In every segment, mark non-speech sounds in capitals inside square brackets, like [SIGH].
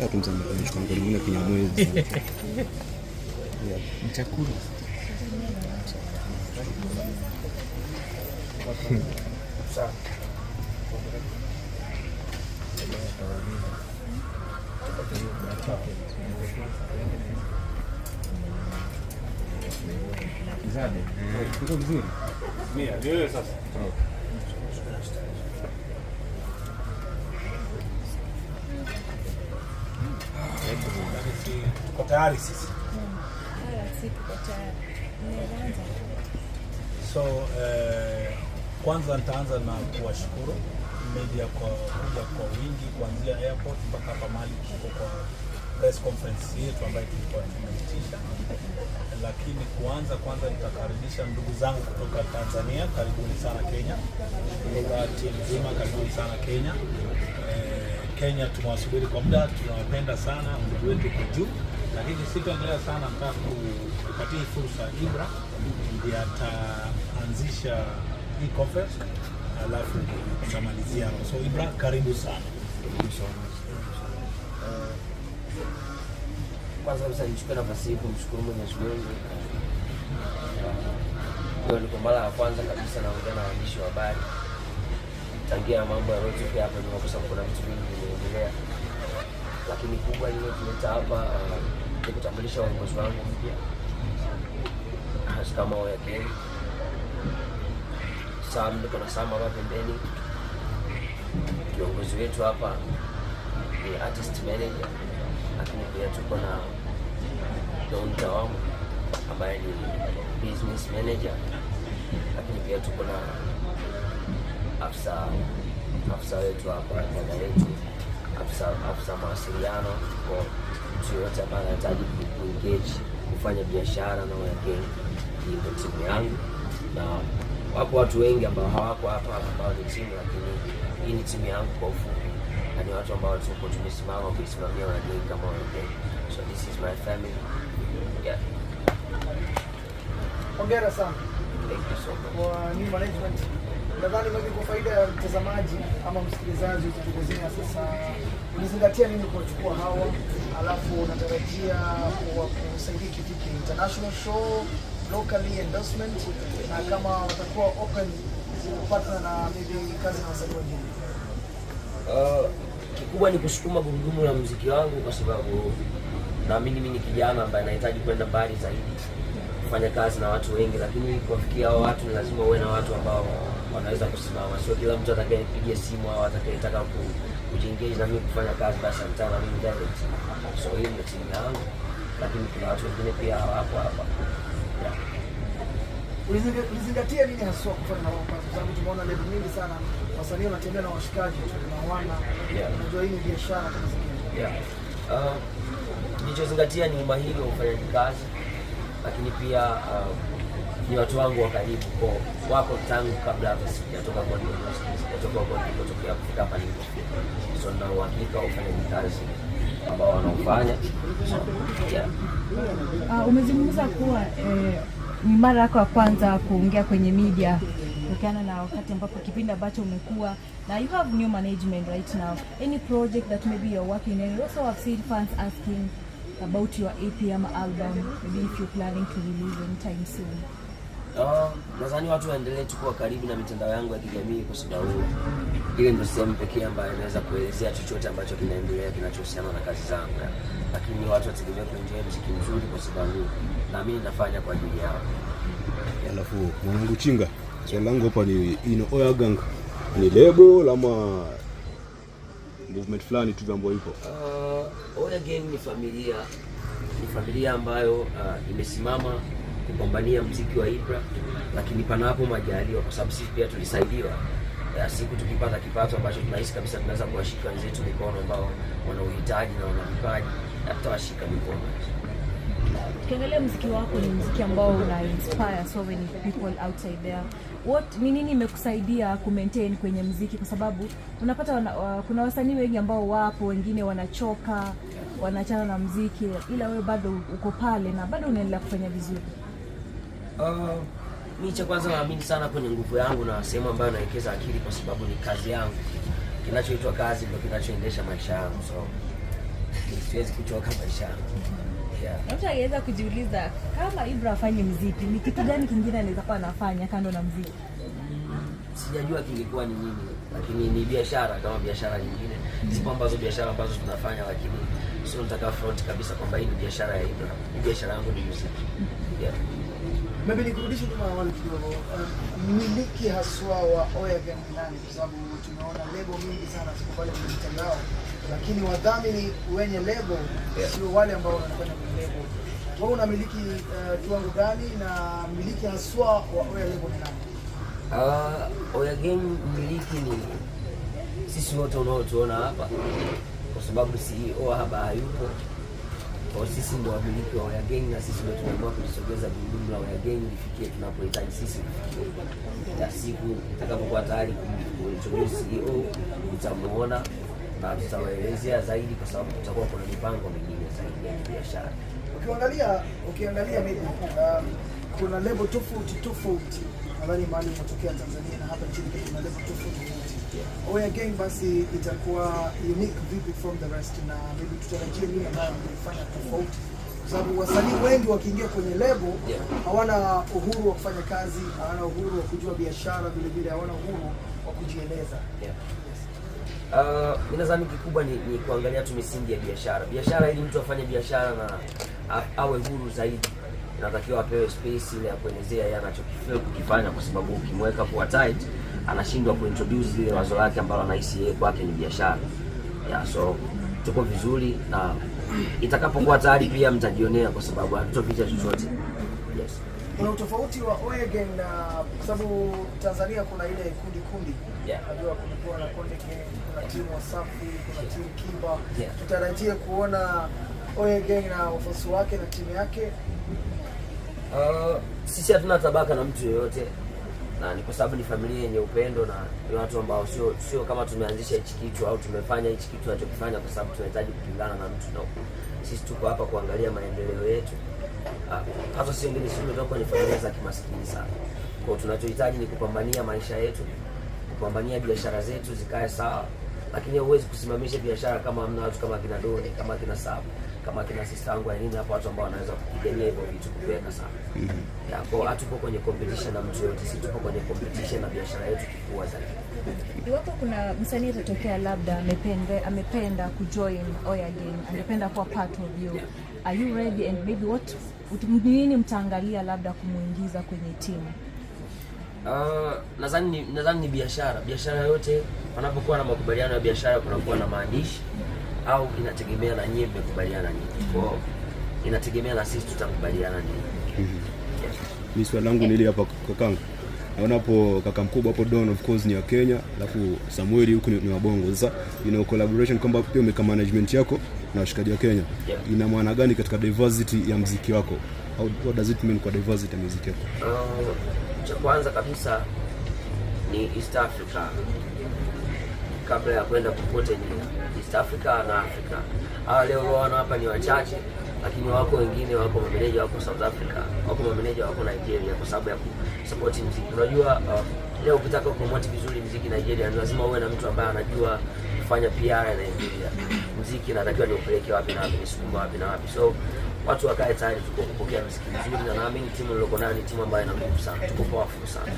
Hatunza mwananchi wangu ni mwana kwenye mwezi. Chakula. Sawa. Zade. Iko vizuri. Mia, leo sasa. Tuko tayari sisi. So eh, kwanza nitaanza na kuwashukuru media kwa kuja kwa wingi kuanzia airport mpaka hapa mahali tuko kwa press conference yetu ambayo tulikuwa tumeitisha. Lakini kuanza kwanza, nitakaribisha ndugu zangu kutoka Tanzania, karibuni sana Kenya. Kutoka timu nzima, karibuni sana Kenya. Kenya tumewasubiri kwa muda, tunawapenda sana, ndugu wetu kwa juu, lakini sitaendelea sana mpaka kupatia fursa Ibra ndiye ataanzisha hii conference alafu tutamalizia hapo. So Ibra, karibu sana. Uh, kwanza kabisa nichukue nafasi hii kumshukuru Mwenyezi Mungu. Ndio, ni kwa mara ya kwanza kabisa naongea na waandishi wa habari tangia mambo ya Road Trip hapa ni kwa kuna vitu vingi vimeendelea, lakini kubwa lile tuleta hapa uh, ni kutambulisha uongozi wangu mpya Shikamoo yake Sam, niko na Sam hapa pembeni. Kiongozi wetu hapa ni artist manager, lakini pia tuko na Don wangu ambaye ni business manager, lakini pia tuko na afisa afisa wetu hapa dada yetu afisa afisa mawasiliano, kwa mtu yoyote ambaye anahitaji kuengage kufanya biashara na wageni. ndio timu yangu, na wapo watu wengi ambao hawako hapa ambao ni timu, lakini hii ni timu yangu kwa ufupi, na ni watu ambao tuko tumesimama kuisimamia wageni kama wageni. So this is my family yeah. Hongera sana. Thank you so much. Kwa new management nadhani mimi kwa faida ya mtazamaji ama msikilizaji, utuelezea sasa ulizingatia nini kuwachukua hawa, alafu unatarajia kwa kusaidia kitiki international show, locally endorsement, na kama watakuwa open kupata na maybe kazi na wasanii wengine? Uh, kikubwa ni kusukuma gurudumu la muziki wangu kwa sababu naamini mimi ni kijana ambaye anahitaji kwenda mbali zaidi kufanya kazi na watu wengi, lakini kuwafikia hao watu ni lazima uwe na watu ambao wanaweza kusimama, sio kila mtu atakayepiga simu au atakayetaka kujiingia na mimi kufanya kazi basi mtana mimi direct. So hii ni timu yangu, lakini kuna watu wengine pia hapo hapa ulizingatia nini haswa kufanya na wao Kwa sababu tumeona level nyingi sana wasanii wanatembea na washikaji tu na wana, unajua hii ni biashara kama zingine. Yeah. Uh, nilichozingatia ni umahiri wa ufanyaji kazi, lakini pia uh, ni watu wangu wa karibu, kwa wako tangu kabla hata sijatoka kwa kutoka kwa kutokea kufika hapa nilipofika. So na uhakika ufanya kazi ambao wanaofanya ah, umezungumza kuwa ni eh, mara yako ya kwanza kuongea kwenye media kutokana na wakati ambapo kipindi ambacho umekuwa na you have new management right now any project that maybe you're working in also have seen fans asking about your APM album maybe if you're planning to release anytime soon Ah, nadhani watu waendelee tu kuwa karibu na mitandao yangu ya kijamii kwa sababu ile ndio sehemu pekee ambayo inaweza kuelezea chochote ambacho kinaendelea kinachohusiana na kazi zangu, lakini watu wategemea kuenjoy mziki mzuri kwa sababu na mimi nafanya kwa ajili yao. Alafu mwanangu Chinga, swali langu hapa ni Ino Oya Gang ni label ama movement fulani tu ambayo ipo? Uh, Oya Gang ni familia, ni familia ambayo uh, imesimama kupambania mziki wa Ibra, lakini panapo majaliwa, kwa sababu sisi pia tulisaidiwa eh, siku tukipata kipato ambacho tunahisi kabisa tunaweza kuwashika wenzetu mikono ambao wana uhitaji na wana vipaji, tutawashika mikono. Ukiangalia mziki wako ni mziki ambao una inspire so many people outside there. What ni nini imekusaidia ku maintain kwenye mziki, kwa sababu unapata wana, uh, kuna wasanii wengi ambao wapo, wengine wanachoka, wanachana na mziki, ila wewe bado uko pale na bado unaendelea kufanya vizuri. Uh, mi cha kwanza naamini sana kwenye nguvu yangu na sehemu ambayo nawekeza akili, kwa sababu ni kazi yangu. Kinachoitwa kazi ndio kinachoendesha maisha yangu, so siwezi kuchoka maisha yangu. Yeah. Mtu angeweza kujiuliza kama Ibra afanye mziki, ni kitu gani kingine anaweza kuwa anafanya kando na mziki? Sijajua kingekuwa ni nini, lakini ni biashara kama biashara nyingine. Zipo ambazo biashara ambazo tunafanya, lakini sio nitaka front kabisa kwamba hii ni biashara ya Ibra. Biashara yangu ni muziki. Yeah. Mimi nikurudishe nyuma wale kidogo. Um, mmiliki haswa wa oya ni nani? Kwa sababu tumeona lebo mingi sana ziko pale kwenye mitandao, lakini wadhamini wenye lebo sio wale ambao wanakwenda kwenye lebo. Wewe unamiliki uh, kiwango gani na mmiliki haswa wa oya ni nani? Uh, Oyagen mmiliki ni sisi wote unaotuona hapa, kwa sababu CEO hapa hayupo kwa sisi ndio wamiliki wa Waya Wayageni na sisi ndio tunaamua kujisogeza gurudumu la Waya Wayageni lifikie tunapohitaji sisi kufikia. Ita siku itakapokuwa tayari kumchojozi CEO mtamuona na tutawaelezea zaidi, kwa sababu kutakuwa kuna mipango mingine zaidi ya biashara. Ukiangalia ukiangalia mimi uh, kuna lebo tofauti tofauti, nadhani mahali umetokea Tanzania na hapa nchini kuna lebo tofauti Oh, yeah. Away again basi itakuwa unique vipi from the rest, na maybe tutarajie nini ambayo mlifanya tofauti, kwa sababu wasanii wengi wakiingia kwenye lebo yeah. hawana uhuru wa kufanya kazi, hawana uhuru wa kujua biashara, vile vile hawana uhuru wa kujieleza yeah. Uh, ninadhani kikubwa ni, ni kuangalia tu misingi ya biashara. Biashara ili mtu afanye biashara na awe huru zaidi, inatakiwa apewe space ile ya kuelezea yeye anachokifanya, kwa sababu ukimweka kuwa tight anashindwa kuintroduce lile wazo lake ambalo anahisi yeye kwake ni biashara. Yeah, so tuko vizuri na itakapokuwa tayari pia mtajionea kwa sababu hatutopita chochote. Yes. Kuna utofauti wa Oyegen na kwa sababu Tanzania kuna ile kundi kundi. Najua kulikuwa na kundi kuna timu Wasafi, kuna timu Kimba. Yeah. Tutarajie kuona Oyegen na wafuasi wake na timu yake. Uh, sisi hatuna tabaka na mtu yoyote na ni kwa sababu ni familia yenye upendo na ni watu ambao sio sio kama tumeanzisha hichi kitu au tumefanya hichi kitu tunachokifanya kwa sababu tunahitaji kupingana na mtu na sisi tuko hapa kuangalia maendeleo yetu. Ah, hata sio ndio sisi ndio ni familia za kimaskini sana. Kwa tunachohitaji ni kupambania maisha yetu, kupambania biashara zetu zikae sawa, lakini huwezi kusimamisha biashara kama hamna watu kama kina Doni, kama kina Sabu kama kina sister wangu na hapo watu ambao wanaweza kupigania hivyo vitu kuviweka sana mm -hmm. ya kwa hatupo kwenye competition na mtu yote, si tupo kwenye competition na biashara yetu kikubwa zaidi. Iwapo kuna msanii atatokea labda amependa amependa kujoin Oya Game, angependa kuwa part of you, yeah. are you ready and maybe what nini mtaangalia labda kumuingiza kwenye timu? Uh, nadhani nadhani ni biashara biashara yote, wanapokuwa na makubaliano ya biashara kunakuwa na maandishi au inategemea na nyie mmekubaliana nini? Kwa hiyo inategemea na sisi tutakubaliana nini. Mimi mhm. swali langu nili hapa kakangu, naona hapo kaka mkubwa hapo Don of course ni wa Kenya, alafu Samuel huku ni wa Bongo. Sasa ina collaboration kwamba pia umeka management yako na washikaji wa Kenya, ina maana gani katika diversity ya muziki wako? How, what does it mean kwa diversity ya muziki wako? Uh, cha kwanza kabisa ni East Africa kabla ya kwenda popote ni East Africa na Africa. Hawa leo wana hapa ni wachache, lakini wako wengine, wako mameneja, wako South Africa, wako mameneja, wako Nigeria, kwa sababu ya kusupport muziki. Unajua uh, leo ukitaka kupromote vizuri muziki Nigeria, ni lazima uwe na mtu ambaye anajua kufanya PR ya Nigeria. Muziki natakiwa niupeleke wapi na wapi, nisukuma wapi na wapi, so watu wakae tayari, tuko kupokea muziki mzuri, na naamini timu niloko nayo ni timu ambayo ina nguvu sana, tuko kwa wafu sana.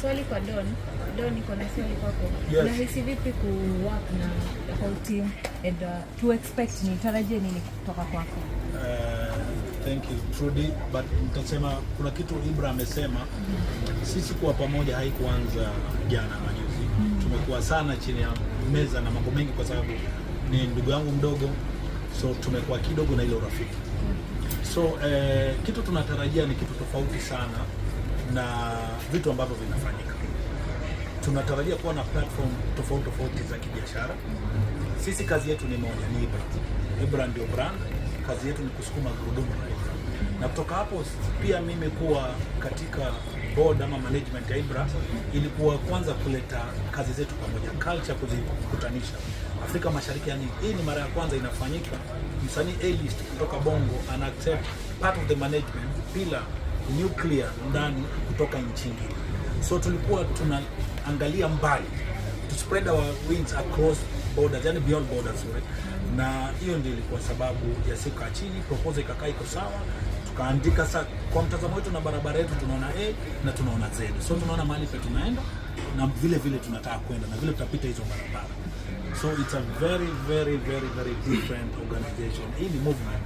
Swali kwa Don. Don, iko na swali kwako. Unahisi vipi ku work na whole team and uh, to expect ni tarajie nini kutoka kwako? Uh, thank you Trudy, but nitasema kuna kitu Ibra amesema. mm -hmm. Sisi kuwa pamoja haikuanza jana majuzi. mm -hmm. Tumekuwa sana chini ya meza na mambo mengi, kwa sababu ni ndugu yangu mdogo, so tumekuwa kidogo na ile urafiki So eh, kitu tunatarajia ni kitu tofauti sana na vitu ambavyo vinafanyika. Tunatarajia kuwa na platform tofauti tofauti za kibiashara. Sisi kazi yetu ni moja, ni Ibra. Ibra ndio brand, kazi yetu ni kusukuma gurudumu na kutoka hapo pia mimi kuwa katika board ama management ya IBRA ilikuwa kwanza kuleta kazi zetu pamoja, culture kuzikutanisha Afrika Mashariki. Yani hii ni mara ya kwanza inafanyika, msanii A-list kutoka Bongo ana accept part of the management bila nuclear ndani kutoka nchi nyingine, so tulikuwa tunaangalia mbali to spread our wings across borders, yani beyond borders, na hiyo ndio ilikuwa sababu ya siku chini proposal ikakaa iko sawa tukaandika sa kwa mtazamo wetu na barabara yetu, tunaona A na tunaona Z, so tunaona mahali pe tunaenda na vile vile tunataka kwenda na vile tutapita hizo barabara. So it's a very very very very different organization. Hii ni movement.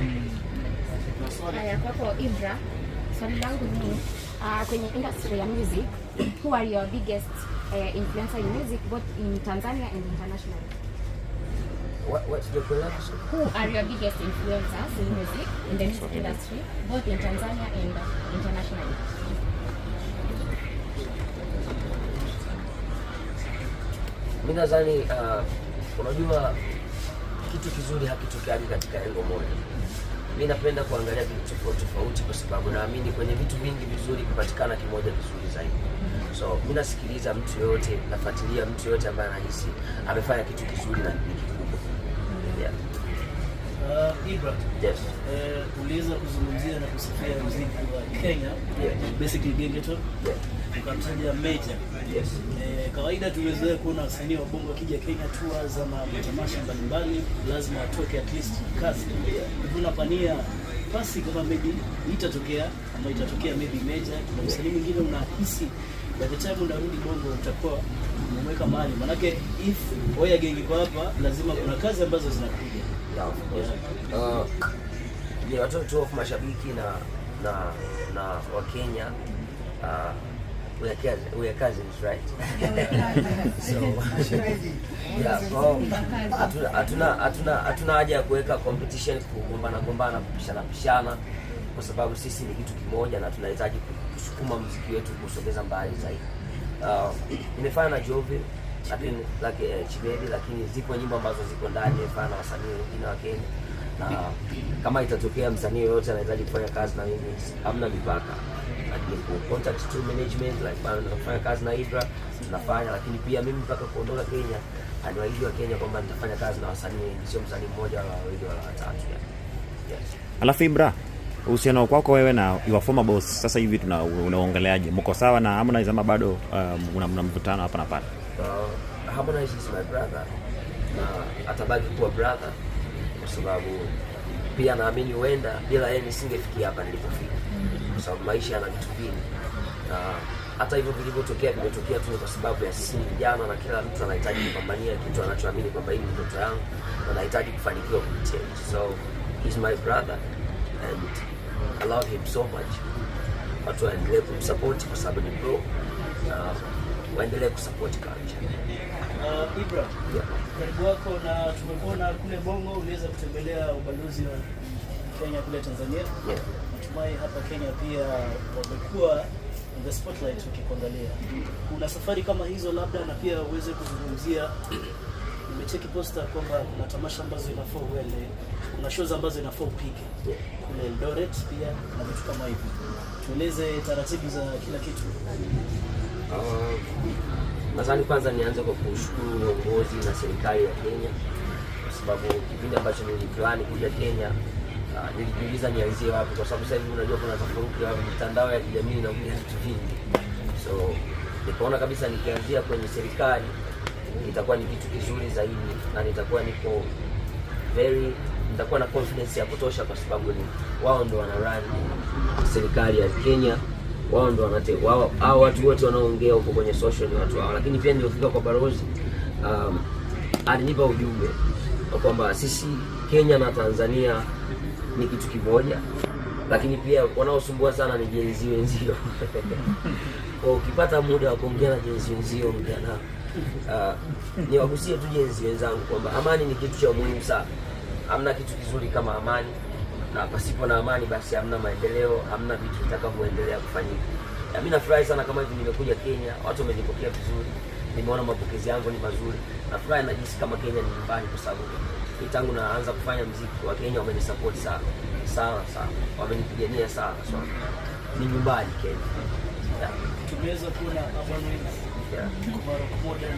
Mm. Haya, kwako Ibra, swali langu ni ah, kwenye industry ya music, who are your biggest uh, influencer in music both in Tanzania and internationally? what, what's your relationship? Who are your biggest influencers in music in the music industry, both in Tanzania and internationally? Mi nadhani uh, unajua kitu kizuri hakitokani katika engo moja. Mi napenda kuangalia vitu tofauti tofauti, kwa sababu naamini kwenye vitu vingi vizuri kupatikana kimoja vizuri zaidi. So mi nasikiliza mtu yoyote, nafuatilia mtu yoyote ambaye anahisi amefanya kitu kizuri na kitu Yeah. Uh, uh, uliweza kuzungumzia na kusikia muziki wa Kenya, yeah. Basically genge Ukamtaja Major. Eh, kawaida tumezoea kuona wasanii wa bongo wakija Kenya tours ama matamasha mbalimbali lazima atoke at least kazi. Kuna pania basi kama maybe itatokea ama itatokea maybe Major, kuna msanii mwingine unahisi by the time unarudi bongo utakuwa kumweka mali, manake if Oyag iko hapa, lazima kuna kazi ambazo zinakuja ni watoto of uh, mashabiki na na na Wakenya uh, right? [LAUGHS] so [LAUGHS] yeah, hatuna haja ya kuweka competition, kugombana gombana, kupishana pishana, kwa sababu sisi ni kitu kimoja na tunahitaji kusukuma mziki wetu kusogeza mbali zaidi. Um, nimefanya na Jovi lakini laki, eh, Chibedi, lakini ziko nyimbo ambazo ziko ndani mfano na wasanii wengine wa Kenya, na kama itatokea msanii yoyote anahitaji kufanya kazi na mimi, hamna mipaka, lakini ku contact to management like bana, tunafanya kazi na Ibra tunafanya, lakini pia mimi mpaka kuondoka Kenya aliwaahidi wa Kenya kwamba nitafanya kazi na wasanii sio msanii mmoja wala wawili wala watatu. yani Yes. Alafu Ibra uhusiano kwako wewe na your former boss sasa hivi unaongeleaje? Mko sawa na Harmonize ama bado um, una mvutano hapa na pale? Uh, Harmonize is my brother na atabaki kuwa brother kwa sababu pia naamini huenda bila yeye nisingefikia hapa nilipofika, kwa sababu maisha yana vitu vingi, na hata hivyo vilivyotokea vimetokea tu kwa sababu ya sisi vijana, na kila mtu anahitaji kupambania kitu anachoamini kwamba hii ni ndoto yangu, anahitaji kufanikiwa kuitenda. So he's my brother and I love him so much. Watu waendelee kumsupport kwa sababu ni pro na waendelee kusupport culture. Uh, Ibra, yeah. Karibu wako na tumekuona kule Bongo uliweza kutembelea ubalozi wa Kenya kule Tanzania. Yeah. Natumai hapa Kenya pia wamekuwa the spotlight ukikuangalia. Kuna safari kama hizo labda na pia uweze kuzungumzia umecheki posta kwamba kuna tamasha ambazo inafaa uende, kuna shows ambazo inafaa upige, kuna Eldoret pia na vitu kama hivyo. Tueleze taratibu za kila kitu. Uh, kwanza nianze kwa kushukuru uongozi na serikali ya Kenya kwa sababu kipindi ambacho niliplan kuja Kenya uh, nilijiuliza nianzie wapi, kwa sababu sasa hivi unajua kuna tofauti ya mitandao ya kijamii na vitu vingi, so nikaona kabisa nikianzia kwenye serikali itakuwa ni kitu kizuri zaidi, na nitakuwa niko very, nitakuwa na confidence ya kutosha, kwa sababu ni wao ndo wana run serikali ya Kenya, wao ndio wanate wao, au watu wote wanaoongea huko kwenye social ni watu hao. Lakini pia nilifika kwa balozi um, alinipa ujumbe kwamba sisi Kenya na Tanzania ni kitu kimoja, lakini pia wanaosumbua sana ni jenzi wenzio. [LAUGHS] Kwa ukipata muda wa kuongea na jenzi wenzio, ongea nao. Uh, niwahusie tu jenzi wenzangu kwamba amani ni kitu cha muhimu sana. Hamna kitu kizuri kama amani, na pasipo na amani basi hamna maendeleo, hamna vitu vitakavyoendelea kufanyika. Na mimi nafurahi sana kama hivi nimekuja Kenya, watu wamenipokea vizuri, nimeona mapokezi yangu ni mazuri. Nafurahi jinsi kama Kenya ni nyumbani, kwa sababu tangu naanza kufanya mziki wa Kenya wamenisupport sana sana sana, wamenipigania sana sana, ni nyumbani Kenya. Tumeweza kuona yeah. Uh, modern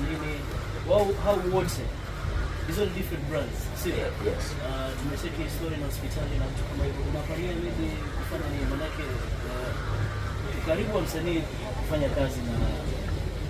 nini, wao wote hizo ni different brands, sio? Yes. Uh, story na hospitali na mtu kama hivyo, unaparia hivi kufanya nini? Manake ukaribu uh, wa msanii kufanya kazi na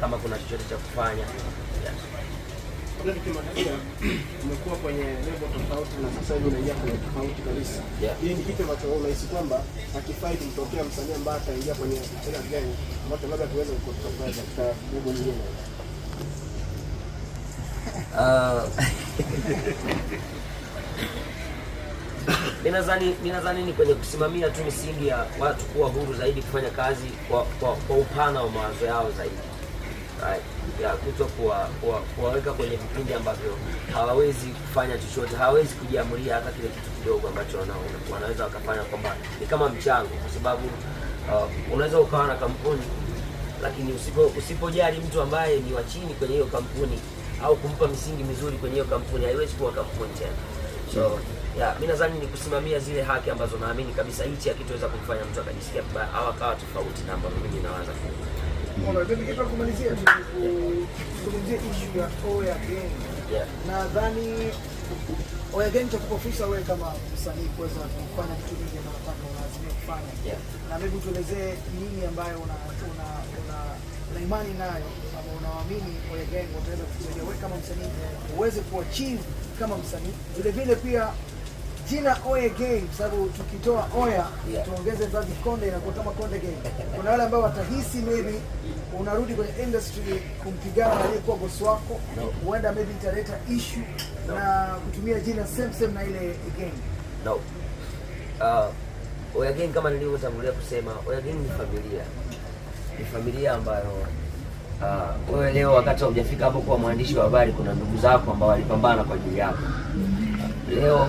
kama kuna chochote cha kufanya yeah. umekuwa kwenye level tofauti na sasa hivi unaingia kwenye tofauti kabisa. Hii ni kitu ambacho unahisi kwamba hakifai kumtokea msanii ambaye ataingia kwenye era gani ambacho labda tuweze katika level nyingine. Ninadhani uh, [LAUGHS] ninadhani ni kwenye kusimamia tu misingi ya watu kuwa huru zaidi kufanya kazi kwa, kwa, kwa upana wa mawazo yao zaidi. Ah, ya kuto kuwaweka kuwa, kuwa kwenye vipindi ambavyo hawawezi kufanya chochote, hawawezi kujiamulia hata kile kitu kidogo ambacho wanaweza wakafanya, kwamba ni kama mchango, kwa sababu uh, unaweza ukawa na kampuni lakini usipo usipojali mtu ambaye ni wa chini kwenye hiyo kampuni au kumpa misingi mizuri kwenye hiyo kampuni, haiwezi kuwa kampuni tena. So yeah, mi nadhani ni kusimamia zile haki ambazo naamini kabisa hichi akitoweza kumfanya mtu akajisikia vibaya au akawa tofauti na ambavyo mimi nawaza. Nataka kumalizia tu ya Oya Gang. Nadhani Oya Gang fursa wewe kama msanii kuweza kufanya vitu vingi ambavyo unataka unazimia kufanya, na mimi tuelezee nini ambayo una una imani nayo ama unaamini Oya wataweza kukusaidia wewe kama msanii uweze kuachieve kama msanii, vile vile pia jina Oye Game sababu tukitoa Oya yeah. tuongeze mbazi Konde inakuwa kama Konde Game. Kuna wale ambao watahisi maybe unarudi kwenye industry kumpigana aliyekuwa boss wako, huenda no. maybe italeta issue no. na kutumia jina same same na ile game no. uh, Oya Game kama nilivyotangulia kusema, Oya Game ni familia, ni familia ambayo uh, wewe leo wakati hujafika hapo kuwa mwandishi wa habari, kuna ndugu zako ambao walipambana kwa ajili yako leo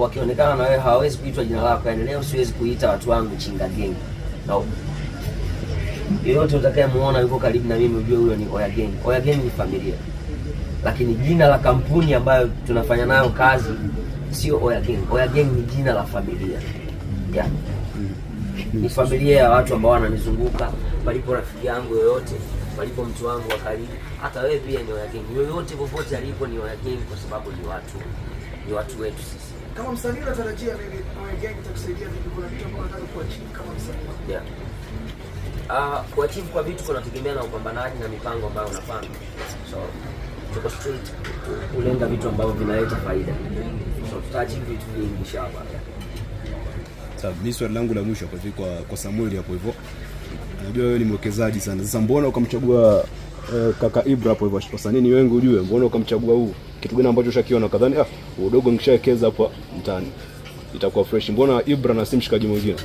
wakionekana na wewe hawawezi kuitwa jina lako, yaani leo siwezi kuita watu wangu chinga gengi no. Yoyote utakayemuona yuko karibu na mimi ujue huyo ni Oya Gang. Oya Gang ni familia, lakini jina la kampuni ambayo tunafanya nayo kazi sio Oya Gang. Oya Gang ni jina la familia yeah. Ni familia ya watu ambao wananizunguka, palipo rafiki yangu yoyote, palipo mtu wangu wa karibu, hata wewe pia ni Oya Gang. Yoyote popote alipo ni Oya Gang, kwa sababu ni watu, ni watu wetu sisi kama msanii unatarajia nini mwenyewe kitakusaidia vipi? Kuna vitu ambavyo unataka kuachieve kama msanii? Yeah. Uh, kuachieve kwa vitu kunategemea na upambanaji na mipango ambayo unapanga. So tuko street kulenga vitu ambavyo vinaleta faida. So tutaachieve vitu vingi shaba. Sasa mimi swali langu la mwisho kwa kwa Samuel hapo hivyo. Najua wewe ni mwekezaji sana. Sasa mbona ukamchagua Eh, kaka Ibra hapo hivyo nini wengi ujue, mbona ukamchagua huu? Kitu gani ambacho ushakiona? Kadhani ah, udogo nikishawekeza hapa mtaani itakuwa fresh. Mbona Ibra na si mshikaji mwingine?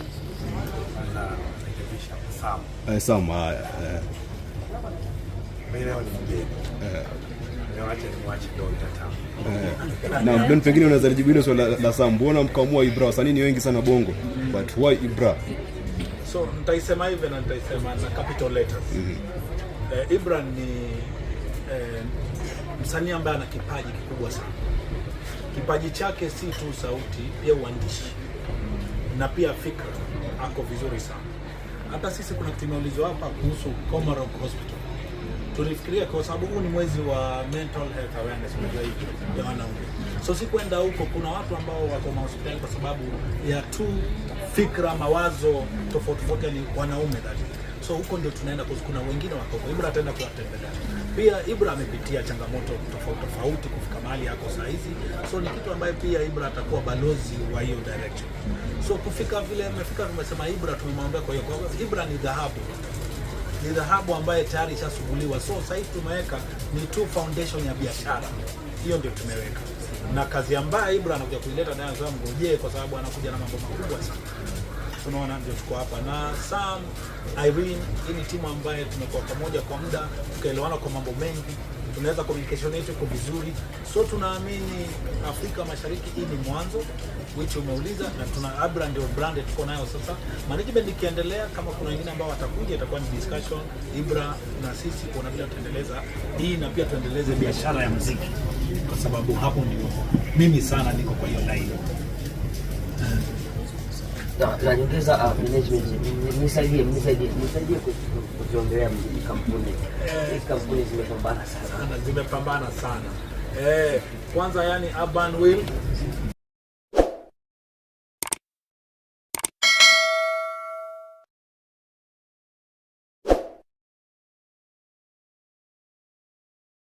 Eh, sama eh. eh. eh. Na don pengine unaweza jibu hilo swala la Sam, mbona mkaamua Ibra? Wasanii wengi sana Bongo, but why Ibra? So nitaisema hivi na nitaisema na capital letters. Mm -hmm eh, Ibran ni eh, msanii ambaye ana kipaji kikubwa sana. Kipaji chake si tu sauti, pia uandishi na pia fikra, ako vizuri sana. Hata sisi kuna tumeulizwa hapa kuhusu Komarock Hospital, tulifikiria kwa sababu huu ni mwezi wa mental health awareness, unajua hivi ya wanaume, so si kwenda huko. Kuna watu ambao wako mahospitali kwa sababu ya tu fikra, mawazo tofauti tofauti, ni wanaume dhati So huko ndio tunaenda kwa kuna wengine wako huko. Ibra ataenda kuwatembelea. Pia Ibra amepitia changamoto tofauti tofauti kufika mahali yako saa hizi. So ni kitu ambaye pia Ibra atakuwa balozi wa hiyo direction. So kufika vile amefika tumesema Ibra tumemwambia kwa hiyo kwa Ibra ni dhahabu. Ni dhahabu ambaye tayari ishasuguliwa. So sasa hivi tumeweka ni tu foundation ya biashara. Hiyo ndio tumeweka. Na kazi ambayo Ibra anakuja kuileta nayo zangu, je, kwa sababu anakuja na mambo makubwa sana tunaona ndio tuko hapa na Sam Irene. Hii ni timu ambayo tumekuwa pamoja kwa muda, tukaelewana kwa mambo mengi, tunaweza communication yetu iko vizuri, so tunaamini Afrika Mashariki hii ni mwanzo which umeuliza, na tuna Abra ndio brand tuko nayo sasa. Management ikiendelea, kama kuna wengine ambao watakuja, itakuwa ni discussion Ibra na sisi kuona vile tutaendeleza hii na pia tuendeleze biashara ya muziki, kwa sababu hapo ndio mimi sana niko kwa hiyo line najiongeza ah, management, nisaidie mnisaidie mnisaidie kuziongelea kampuni. Kampuni zimepambana sana, zimepambana sana eh, kwanza yani Urban Will